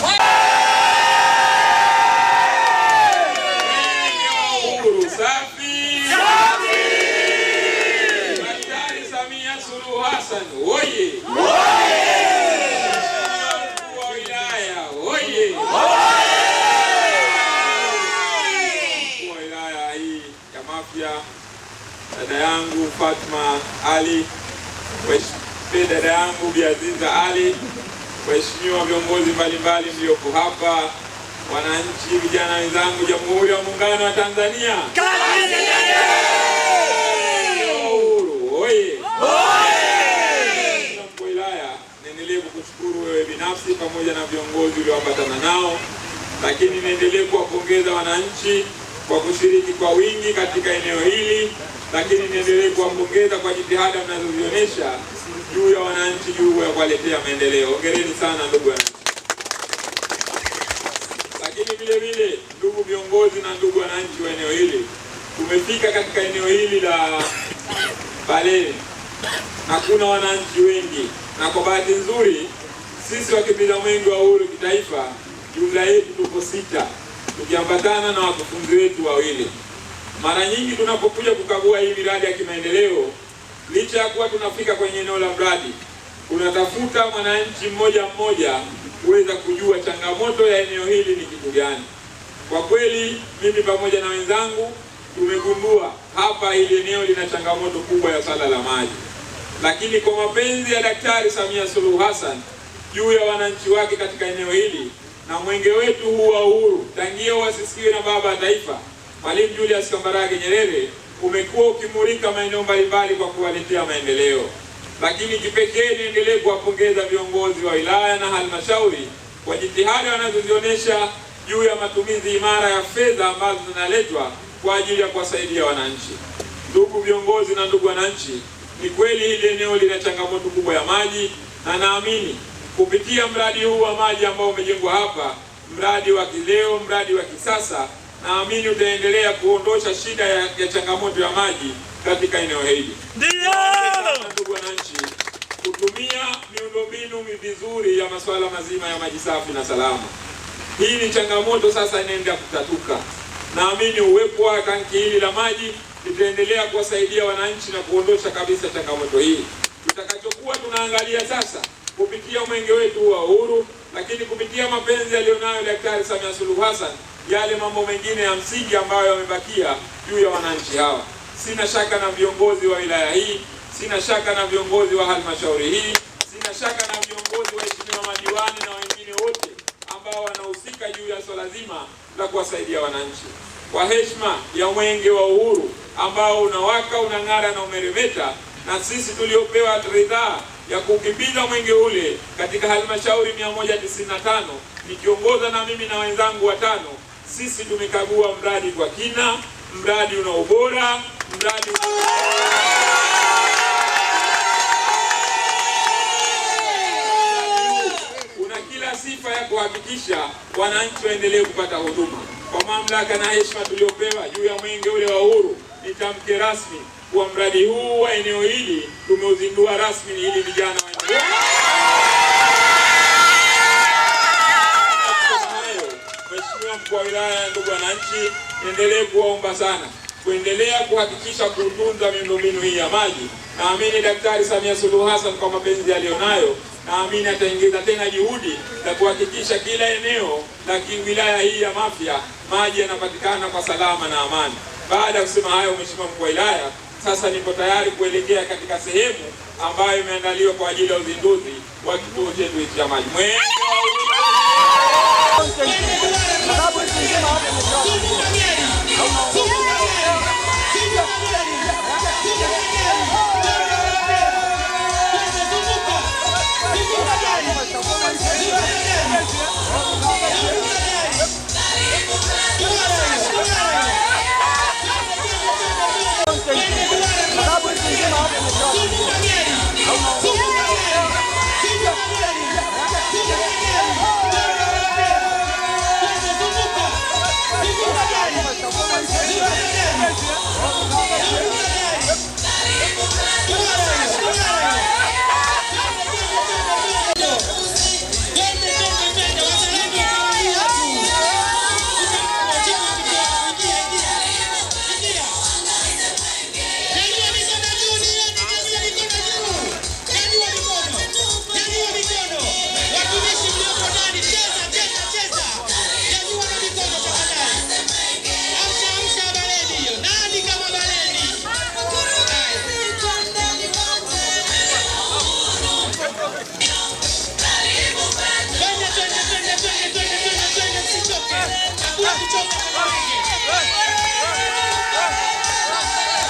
Fire! Ali, mheshimiwa dada yangu Bi Aziza Ali, waheshimiwa viongozi mbalimbali mlioko hapa, wananchi, vijana wenzangu, Jamhuri ya Muungano wa Tanzania, kukushukuru wewe binafsi pamoja na viongozi ulioambatana nao, lakini niendelee kuwapongeza wananchi kwa kushiriki kwa wingi katika eneo hili lakini niendelee kuwapongeza kwa jitihada mnazozionyesha juu ya wananchi, juu ya kuwaletea maendeleo. Hongereni sana ndugu wananchi. Lakini vile vile, ndugu viongozi na ndugu wananchi wa eneo hili, tumefika katika eneo hili la Baleni, hakuna wananchi wengi, na kwa bahati nzuri sisi wakimbiza mwenge wa uhuru kitaifa, jumla yetu tuko sita, tukiambatana na wakufunzi wetu wawili mara nyingi tunapokuja kukagua hii miradi ya kimaendeleo, licha ya kuwa tunafika kwenye eneo la mradi, tunatafuta mwananchi mmoja mmoja kuweza kujua changamoto ya eneo hili ni kitu gani. Kwa kweli mimi pamoja na wenzangu tumegundua hapa hili eneo lina changamoto kubwa ya sala la maji, lakini kwa mapenzi ya Daktari Samia Suluhu Hassan juu ya wananchi wake katika eneo hili na mwenge wetu huu wa uhuru tangia wasisikiwe na baba ya taifa Mwalimu Julius Kambarage Nyerere umekuwa ukimulika maeneo mbalimbali kwa kuwaletea maendeleo, lakini kipekee niendelee kuwapongeza viongozi wa wilaya na halmashauri kwa jitihada wanazozionyesha juu ya matumizi imara ya fedha ambazo zinaletwa kwa ajili ya kuwasaidia wananchi. Ndugu viongozi na ndugu wananchi, ni kweli hili eneo lina changamoto kubwa ya maji, na naamini kupitia mradi huu wa maji ambao umejengwa hapa, mradi wa kileo, mradi wa kisasa naamini utaendelea kuondosha shida ya, ya changamoto ya maji katika eneo hili. Ndio ndugu wananchi, kutumia miundombinu mizuri ya masuala mazima ya maji safi na salama. Hii ni changamoto sasa inaenda kutatuka. Naamini uwepo wa tanki hili la maji litaendelea kuwasaidia wananchi na kuondosha kabisa changamoto hii. Tutakachokuwa tunaangalia sasa kupitia mwenge wetu wa uhuru, lakini kupitia mapenzi aliyonayo Daktari Samia Suluhu Hassan yale mambo mengine ya msingi ambayo yamebakia juu ya wananchi hawa. Sina shaka na viongozi wa wilaya hii, sina shaka na viongozi wa halmashauri hii, sina shaka na viongozi waheshimiwa madiwani na wengine wote ambao wanahusika juu ya swala zima la kuwasaidia wananchi. Kwa heshima ya mwenge wa uhuru ambao unawaka unang'ara na umeremeta, na sisi tuliopewa ridhaa ya kukimbiza mwenge ule katika halmashauri 195 nikiongoza na mimi na wenzangu watano sisi tumekagua mradi kwa kina, mradi una ubora, mradi una kila sifa ya kuhakikisha wananchi waendelee kupata huduma kwa mamlaka na heshima tuliyopewa juu ya mwenge ule wa uhuru. Nitamke rasmi kuwa mradi huu wa eneo hili tumeuzindua rasmi ili vijana waendelee mkuu wa wilaya, ndugu wananchi, niendelee kuwaomba sana kuendelea kuhakikisha kutunza miundombinu hii ya maji. Naamini Daktari Samia Suluhu Hassan kwa mapenzi aliyonayo, naamini ataingiza tena juhudi za kuhakikisha kila eneo la wilaya hii ya Mafia maji yanapatikana kwa salama na amani. Baada ya kusema hayo, Mheshimiwa mkuu wa wilaya, sasa niko tayari kuelekea katika sehemu ambayo imeandaliwa kwa ajili ya uzinduzi wa kituo chetu cha maji Mwenge Yeah.